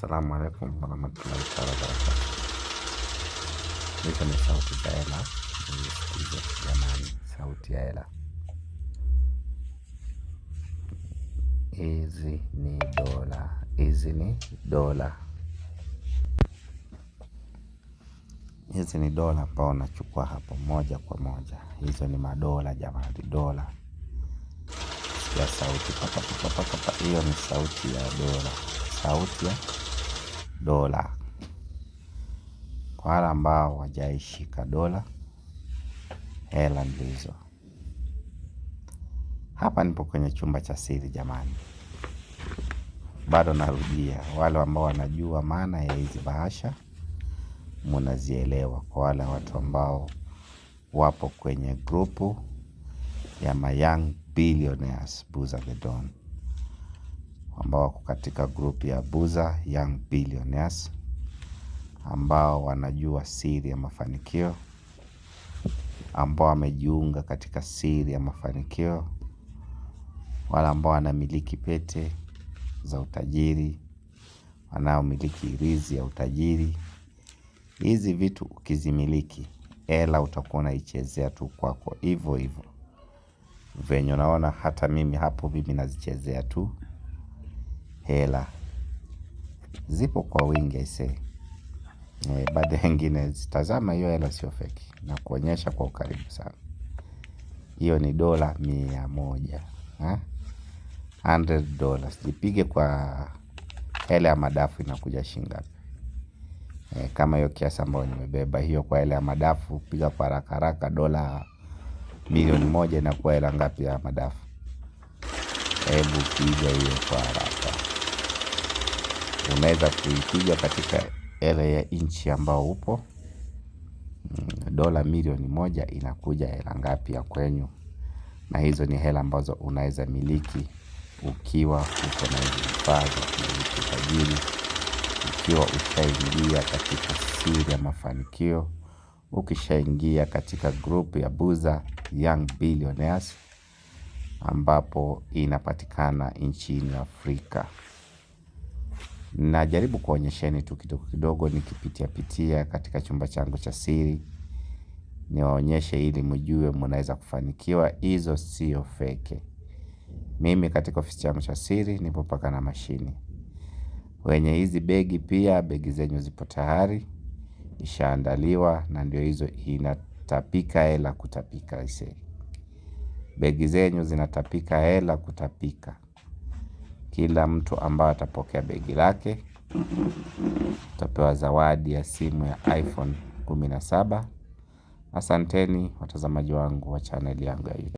Assalamu alaikum warahmatullahi taala wabarakatu. Hizo ni sauti za hela, jamani, sauti ya hela. Hizi ni dola, hizi ni dola, hizi ni dola ambao unachukua hapo moja kwa moja. Hizo ni madola jamani, dola ya sauti papapapapapa. Hiyo ni sauti ya dola, sauti ya dola. Kwa wale ambao wajaishika dola, hela ndizo. Hapa nipo kwenye chumba cha siri jamani. Bado narudia, wale ambao wanajua maana ya hizi bahasha munazielewa. Kwa wale watu ambao wapo kwenye grupu ya mayoung Billionaires Buza the Don ambao wako katika grupu ya Buza Young Billionaires ambao wanajua siri ya mafanikio ambao wamejiunga katika siri ya mafanikio wale ambao wanamiliki pete za utajiri wanaomiliki rizi ya utajiri. Hizi vitu ukizimiliki hela utakuwa unaichezea tu kwako hivyo hivyo, venye unaona hata mimi hapo, mimi nazichezea tu hela zipo kwa wingi aisee. E, baadhi ya zitazama hiyo hela sio feki na kuonyesha kwa ukaribu sana. Hiyo ni dola mia moja eh? dollars, jipige kwa hela ya madafu inakuja shilingi E, kama hiyo kiasi ambayo nimebeba hiyo kwa hela ya madafu, piga kwa haraka haraka, dola milioni moja inakuwa hela ngapi ya madafu? Hebu piga hiyo kwa haraka unaweza kuipiga katika hela ya nchi ambao upo. Mm, dola milioni moja inakuja hela ngapi ya kwenyu? Na hizo ni hela ambazo unaweza miliki ukiwa uko na hizi vifaa za kumiliki tajiri ukiwa ushaingia katika siri ya mafanikio, ukishaingia katika grupu ya Buza Young Billionaires ambapo inapatikana nchini Afrika. Najaribu kuwaonyesheni tu kidogo kidogo nikipitia pitia katika chumba changu cha siri. Niwaonyeshe ili mjue mnaweza kufanikiwa hizo sio feke Mimi katika ofisi changu cha siri nipo mpaka na mashine. Wenye hizi begi pia begi zenyu zipo tayari. Ishaandaliwa na ndio hizo inatapika hela kutapika ise, Begi zenyu zinatapika hela kutapika. Kila mtu ambaye atapokea begi lake atapewa zawadi ya simu ya iPhone 17 Asanteni watazamaji wangu wa chaneli yangu ya YouTube.